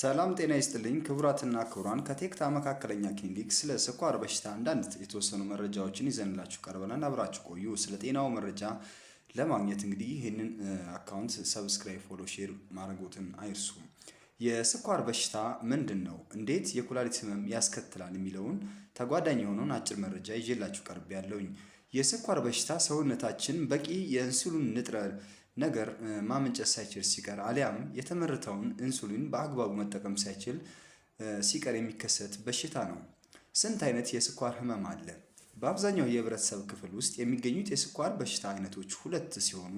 ሰላም ጤና ይስጥልኝ ክቡራትና ክቡራን፣ ከቴክታ መካከለኛ ክሊኒክ ስለ ስኳር በሽታ አንዳንድ የተወሰኑ መረጃዎችን ይዘንላችሁ ቀርበናል። አብራችሁ ቆዩ። ስለ ጤናው መረጃ ለማግኘት እንግዲህ ይህንን አካውንት ሰብስክራይብ፣ ፎሎ፣ ሼር ማድረጎትን አይርሱ። የስኳር በሽታ ምንድን ነው? እንዴት የኩላሊት ህመም ያስከትላል? የሚለውን ተጓዳኝ የሆነውን አጭር መረጃ ይዤላችሁ ቀርብ ያለውኝ የስኳር በሽታ ሰውነታችን በቂ የኢንሱሊን ንጥረ ነገር ማመንጨት ሳይችል ሲቀር አሊያም የተመረተውን ኢንሱሊን በአግባቡ መጠቀም ሳይችል ሲቀር የሚከሰት በሽታ ነው። ስንት አይነት የስኳር ህመም አለ? በአብዛኛው የህብረተሰብ ክፍል ውስጥ የሚገኙት የስኳር በሽታ አይነቶች ሁለት ሲሆኑ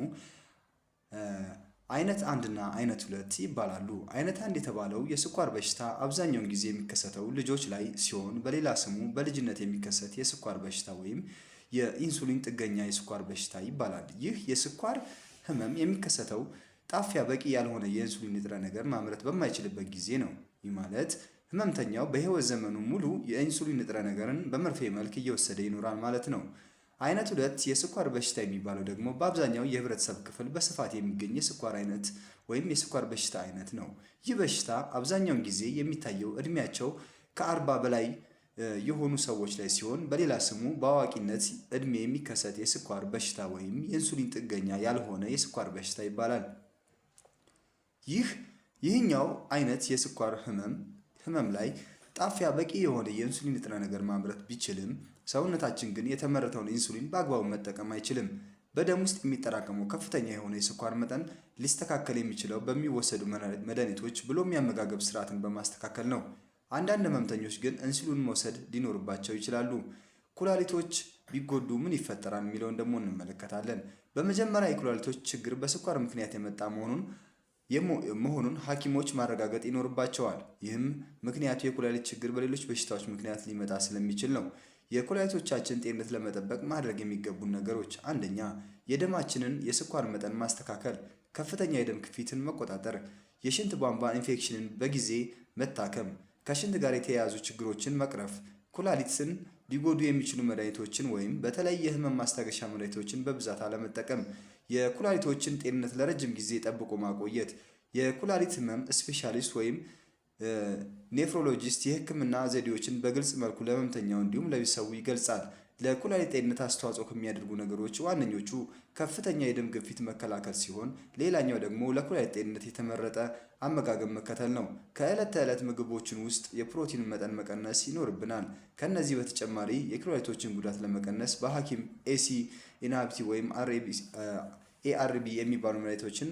አይነት አንድ እና አይነት ሁለት ይባላሉ። አይነት አንድ የተባለው የስኳር በሽታ አብዛኛውን ጊዜ የሚከሰተው ልጆች ላይ ሲሆን በሌላ ስሙ በልጅነት የሚከሰት የስኳር በሽታ ወይም የኢንሱሊን ጥገኛ የስኳር በሽታ ይባላል። ይህ የስኳር ህመም የሚከሰተው ጣፊያ በቂ ያልሆነ የኢንሱሊን ንጥረ ነገር ማምረት በማይችልበት ጊዜ ነው። ይህ ማለት ህመምተኛው በህይወት ዘመኑ ሙሉ የኢንሱሊን ንጥረ ነገርን በመርፌ መልክ እየወሰደ ይኖራል ማለት ነው። አይነት ሁለት የስኳር በሽታ የሚባለው ደግሞ በአብዛኛው የህብረተሰብ ክፍል በስፋት የሚገኝ የስኳር አይነት ወይም የስኳር በሽታ አይነት ነው። ይህ በሽታ አብዛኛውን ጊዜ የሚታየው እድሜያቸው ከአርባ በላይ የሆኑ ሰዎች ላይ ሲሆን በሌላ ስሙ በአዋቂነት እድሜ የሚከሰት የስኳር በሽታ ወይም የኢንሱሊን ጥገኛ ያልሆነ የስኳር በሽታ ይባላል። ይህ ይህኛው አይነት የስኳር ህመም ህመም ላይ ጣፊያ በቂ የሆነ የኢንሱሊን ንጥረ ነገር ማምረት ቢችልም ሰውነታችን ግን የተመረተውን ኢንሱሊን በአግባቡ መጠቀም አይችልም። በደም ውስጥ የሚጠራቀመው ከፍተኛ የሆነ የስኳር መጠን ሊስተካከል የሚችለው በሚወሰዱ መድኃኒቶች ብሎም የአመጋገብ ስርዓትን በማስተካከል ነው። አንዳንድ ህመምተኞች ግን እንስሉን መውሰድ ሊኖርባቸው ይችላሉ። ኩላሊቶች ቢጎዱ ምን ይፈጠራል የሚለውን ደግሞ እንመለከታለን። በመጀመሪያ የኩላሊቶች ችግር በስኳር ምክንያት የመጣ መሆኑን መሆኑን ሐኪሞች ማረጋገጥ ይኖርባቸዋል። ይህም ምክንያቱ የኩላሊት ችግር በሌሎች በሽታዎች ምክንያት ሊመጣ ስለሚችል ነው። የኩላሊቶቻችን ጤንነት ለመጠበቅ ማድረግ የሚገቡን ነገሮች፣ አንደኛ የደማችንን የስኳር መጠን ማስተካከል፣ ከፍተኛ የደም ግፊትን መቆጣጠር፣ የሽንት ቧንቧ ኢንፌክሽንን በጊዜ መታከም ከሽንት ጋር የተያያዙ ችግሮችን መቅረፍ፣ ኩላሊትን ሊጎዱ የሚችሉ መድኃኒቶችን ወይም በተለይ የህመም ማስታገሻ መድኃኒቶችን በብዛት አለመጠቀም፣ የኩላሊቶችን ጤንነት ለረጅም ጊዜ ጠብቆ ማቆየት፣ የኩላሊት ህመም ስፔሻሊስት ወይም ኔፍሮሎጂስት የህክምና ዘዴዎችን በግልጽ መልኩ ለህመምተኛው እንዲሁም ለቤተሰቡ ይገልጻል። ለኩላሊት ጤንነት አስተዋጽኦ ከሚያደርጉ ነገሮች ዋነኞቹ ከፍተኛ የደም ግፊት መከላከል ሲሆን፣ ሌላኛው ደግሞ ለኩላሊት ጤንነት የተመረጠ አመጋገብ መከተል ነው። ከዕለት ተዕለት ምግቦችን ውስጥ የፕሮቲን መጠን መቀነስ ይኖርብናል። ከነዚህ በተጨማሪ የኩላሊቶችን ጉዳት ለመቀነስ በሐኪም ኤሲ ኢናብቲ ወይም ኤአርቢ የሚባሉ መድኃኒቶችን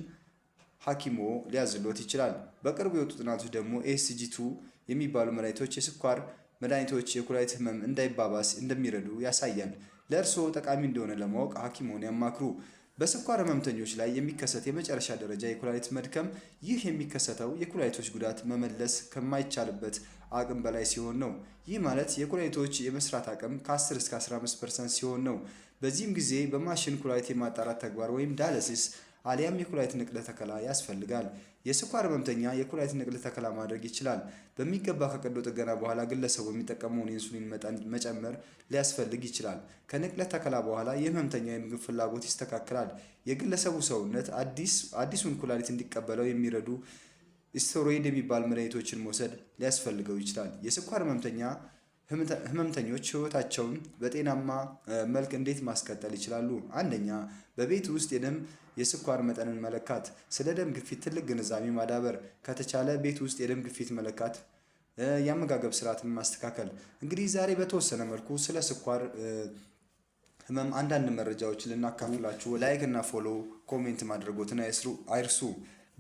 ሐኪሞ ሊያዝሎት ይችላል። በቅርቡ የወጡ ጥናቶች ደግሞ ኤስጂቱ የሚባሉ መድኃኒቶች የስኳር መድኃኒቶች የኩላሊት ህመም እንዳይባባስ እንደሚረዱ ያሳያል። ለእርስዎ ጠቃሚ እንደሆነ ለማወቅ ሐኪሙን ያማክሩ። በስኳር ህመምተኞች ላይ የሚከሰት የመጨረሻ ደረጃ የኩላሊት መድከም ይህ የሚከሰተው የኩላሊቶች ጉዳት መመለስ ከማይቻልበት አቅም በላይ ሲሆን ነው። ይህ ማለት የኩላሊቶች የመስራት አቅም ከ10 እስከ 15 ፐርሰንት ሲሆን ነው። በዚህም ጊዜ በማሽን ኩላሊት የማጣራት ተግባር ወይም ዳለሲስ አሊያም የኩላሊት ንቅለ ተከላ ያስፈልጋል። የስኳር ህመምተኛ የኩላሊት ንቅለ ተከላ ማድረግ ይችላል። በሚገባ ከቀዶ ጥገና በኋላ ግለሰቡ የሚጠቀመውን ኢንሱሊን መጠን መጨመር ሊያስፈልግ ይችላል። ከንቅለ ተከላ በኋላ የህመምተኛ የምግብ ፍላጎት ይስተካከላል። የግለሰቡ ሰውነት አዲሱን ኩላሊት እንዲቀበለው የሚረዱ ስቴሮይድ የሚባል መድኃኒቶችን መውሰድ ሊያስፈልገው ይችላል። የስኳር ህመምተኛ ህመምተኞች ህይወታቸውን በጤናማ መልክ እንዴት ማስቀጠል ይችላሉ? አንደኛ በቤት ውስጥ የደም የስኳር መጠንን መለካት ስለ ደም ግፊት ትልቅ ግንዛቤ ማዳበር ከተቻለ ቤት ውስጥ የደም ግፊት መለካት የአመጋገብ ስርዓትን ማስተካከል እንግዲህ ዛሬ በተወሰነ መልኩ ስለ ስኳር ህመም አንዳንድ መረጃዎች ልናካፍላችሁ ላይክ እና ፎሎ ኮሜንት ማድረጎትን አይርሱ።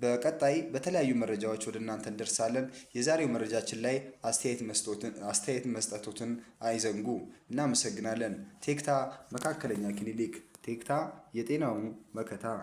በቀጣይ በተለያዩ መረጃዎች ወደ እናንተ እንደርሳለን። የዛሬው መረጃችን ላይ አስተያየት መስጠቶትን አይዘንጉ። እናመሰግናለን። ቴክታ መካከለኛ ክሊኒክ ቴክታ የጤናው መከታ